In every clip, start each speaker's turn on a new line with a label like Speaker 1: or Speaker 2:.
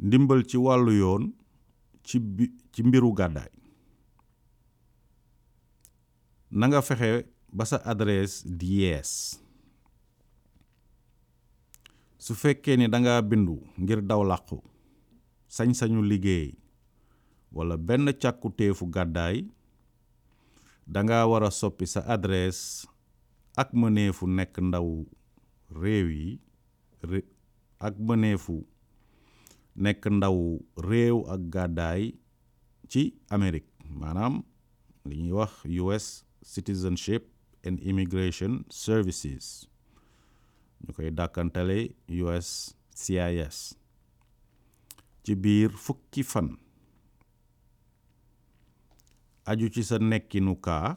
Speaker 1: ndimbal ci wàllu yoon ci bi ci mbiru gàddaay na fexe ba sa adresse di yees su fekkee ni danga bindu ngir daw làqu sañ-sañu liggéey walla benn càkkutéefu gàddaay danga wara soppi sa adresse ak mëneefu nekk ndaw réew yi ak mëneefu nekk ndaw réew ak gàddaay ci Amérique maanaam li ñuy wax US Citizenship and Immigration Services ñu koy dàkkantale USCIS ci biir fukki fan aju ci sa nekkinu kaa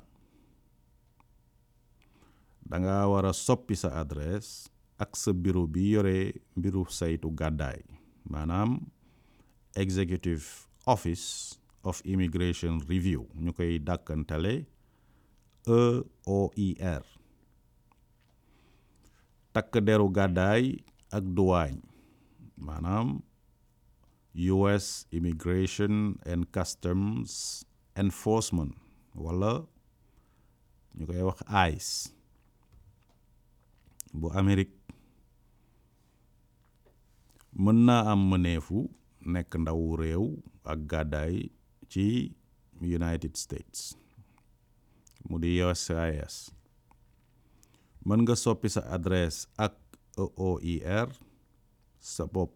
Speaker 1: danga war a soppi sa adresse ak sa bureau bi yore mbiru saytu gàddaay maanaam executive office of immigration review ñu koy dàkkantale EOIR takk deru gàddaay ak duwaañ maanaam US Immigration and Customs Enforcement wala ñu koy wax ICE bu Amérique mën naa am mëneefu nekk ndawu réew ak gàddaay ci United States mu di USCIS mën nga soppi sa adresse ak EOIR sa bopp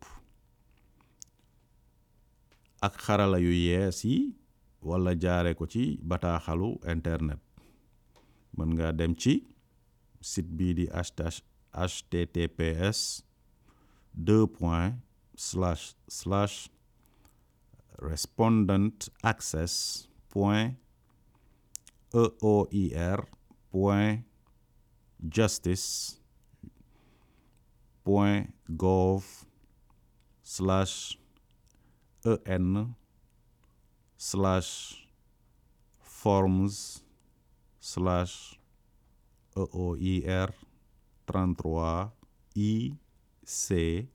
Speaker 1: ak xarala yu yees yi wala jaare ko ci bataaxalu internet mën nga dem ci site bii di https deux points slash slash respondent access point eoir point justice point gov slash en slash forms slash eoir 33 i c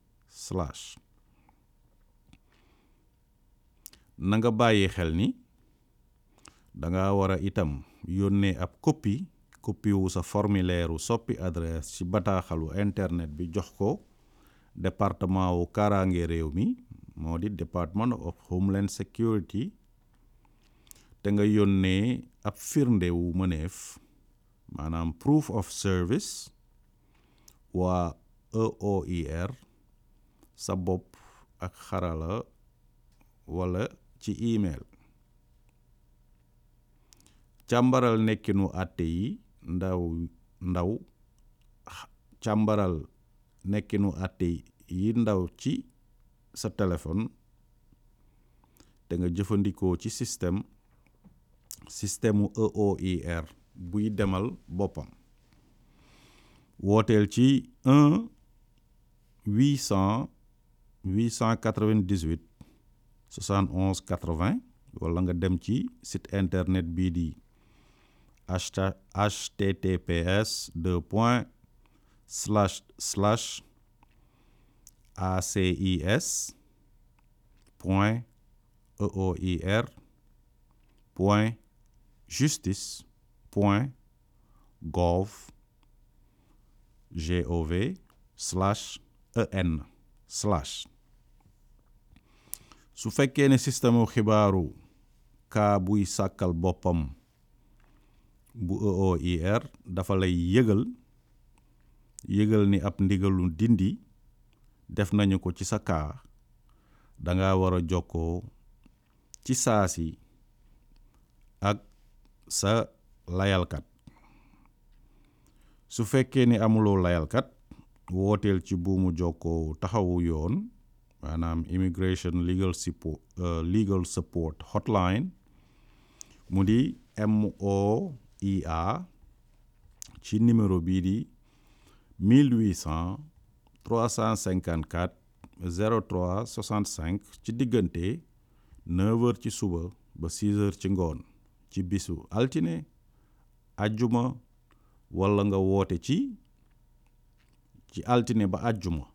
Speaker 1: na nga bàyyi xel ni danga wara itam yónnee ab copie copie sa formulaire soppi adresse ci bataaxalu internet bi jox ko département wu kaaraange réew mi moo di Department of Homeland Security te nga yónnee ab firndewu wu mëneef maanaam proof of service waa eoir sa bopp ak xarala wala ci email càmbaral nekkinu àtte yi ndaw ndaw càmbaral nekkinu àtte yi ndaw ci sa telefon te nga jëfandikoo ci système système u e buy demal boppam wooteel ci 1 huit cent huit cent quatre vingt dix huit soixante onze quatre vingt wala nga dem ci site internet bii di https deux point slash slash acis point eoir point justice point gov gov en slash su fekkee ne système xibaaru kaa buy sàkkal boppam bu EOIR dafa lay yëgal yëgal ni ab ndigalu dindi def nañu ko ci sa kaa danga war a jokkoo ci saasi ak sa layalkat su fekkee ni amuloo layalkat wooteel ci buumu jokkoo taxawu yoon maanaam immigration legal support euh, legal support hotline mu di MOIA ci numéro bii di 1800 354 03 65 ci diggante 9 ci suba ba 6 ci ngoon ci bisu altine ajjuma walla nga woote ci ci altine ba àjjuma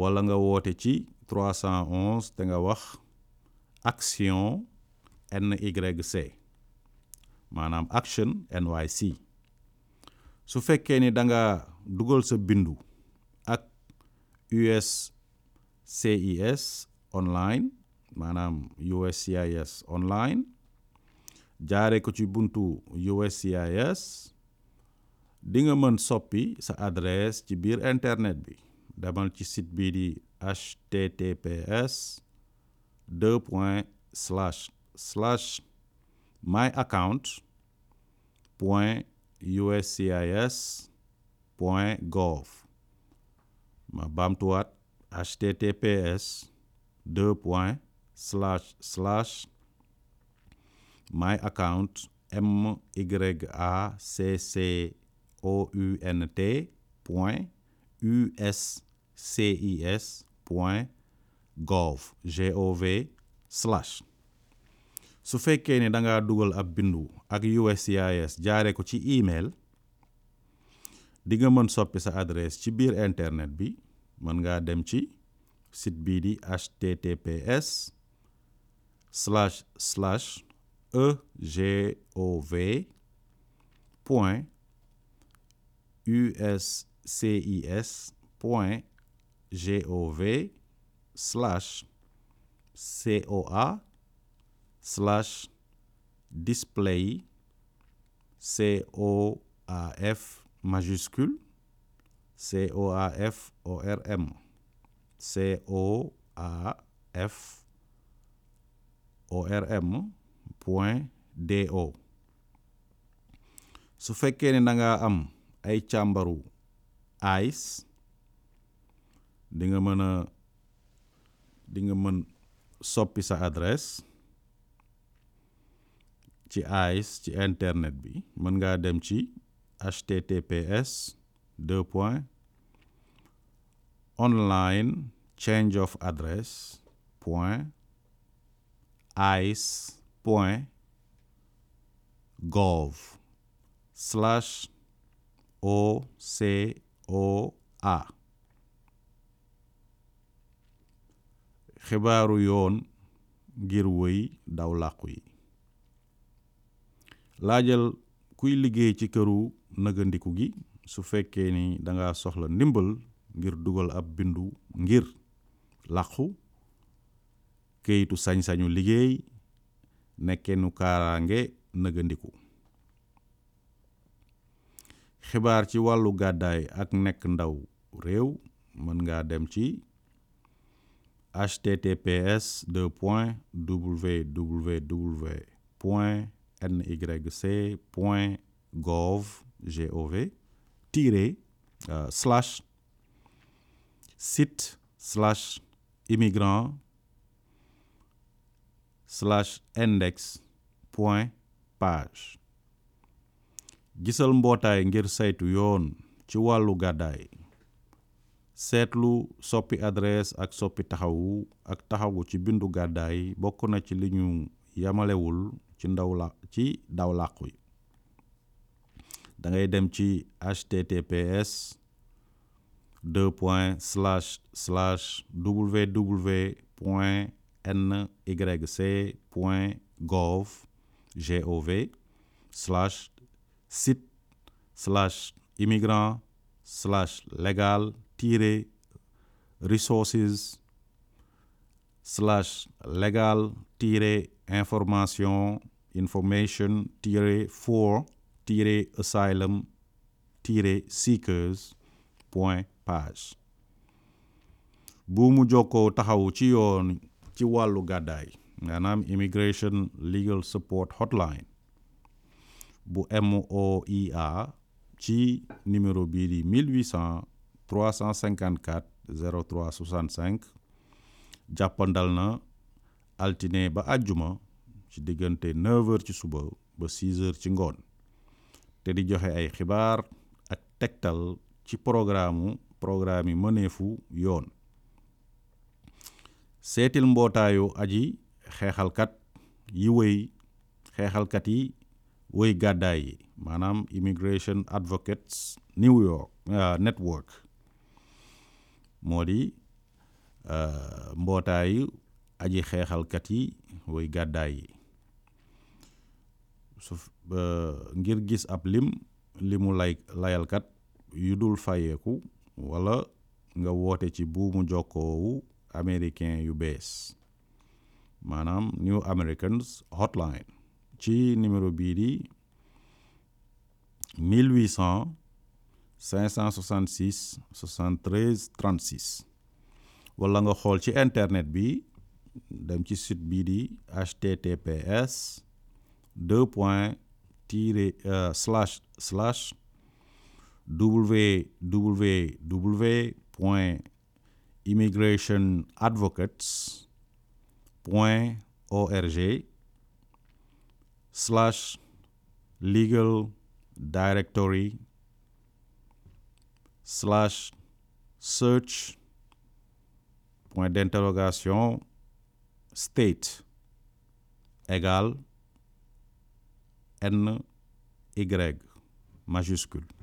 Speaker 1: wala nga woote ci 311 te nga wax action NYC maanaam action NYC su fekkee ni da nga dugal sa bindu ak USCIS online maanaam USCIS online jaare ko ci buntu USCIS dinga mën soppi sa adresse ci biir internet bi demal ci site bii di https deux point slash slash my account point uscis point gov ma baamtuwaat https my account m y a c OUNT point USCIS point gov gov slash su fekkee ne da ngaa dugal ab bindu ak USCIS jaare ko ci email di nga mën soppi sa adresse ci biir internet bi mën ngaa dem ci site bii di https slash slash egov uscis point gov slash coa slash display coaf majuscule coaf orm coaf orm point do su fekkee ne da ngaa am ay càmbaru AIS dinga nga mën a mën soppi sa adresse ci AIS ci internet bi mën ngaa dem ci https deux point online change of address point ais point gov O C O A xibaaru yoon ngir woy daw làqu yi laajal kuy liggéey ci këru nëgandiku gi su fekkee ni danga soxla ndimbal ngir dugal ab bindu ngir làqu këyitu sañ-sañu liggéey nekkenu kaaraange nëgandiku xibaar ci wàllu gàddaay ak nekk ndaw réew mën nga dem ci https deux point www point nyc point gov gov tiré euh, slash site slash immigrant index point page gisal mbootaay ngir saytu yoon ci wàllu gàddaay seetlu soppi adresse ak soppi taxawu ak taxawu ci bindu gàddaay bokk na ci li ñu yamalewul ci ndaw la ci daw làqu yi da ngay dem ci https deux point slash slash www point nyc point gov gov slash site slash immigrant slash légal tiret resources slash légal tiret information information tiret for tiret asylum tiret seekers point page buumu jokkoo taxaw ci yoon ci wàllu gàddaay maanaam immigration legal support hotline bu MOIA ci numéro bii di 1800 354 03 65 jàppandal na altine ba àjjuma ci diggante 9 ci suba ba 6h ci ngoon te di joxe ay xibaar ak tegtal ci programme programme yi mëneefu yoon seetil mbootaayu aji xeexalkat yi wéy xeexalkat yi woy gàddaay yi maanaam Immigration Advocates New York uh, Network moo di uh, mbootaayu aji xeexalkat yi woy gàddaay yi su uh, ngir gis ab lim limu lay layalkat yu dul fayeeku wala nga woote ci buumu jokkoowu américain yu bees maanaam New Americans Hotline ci numéro bii di 1800 566 73 36 wala nga xool ci internet bi dem ci site bii di https deux point tiré euh, slash slash www point immigration advocates point org slash legal directory slash search point d'interrogation state égale n y majuscule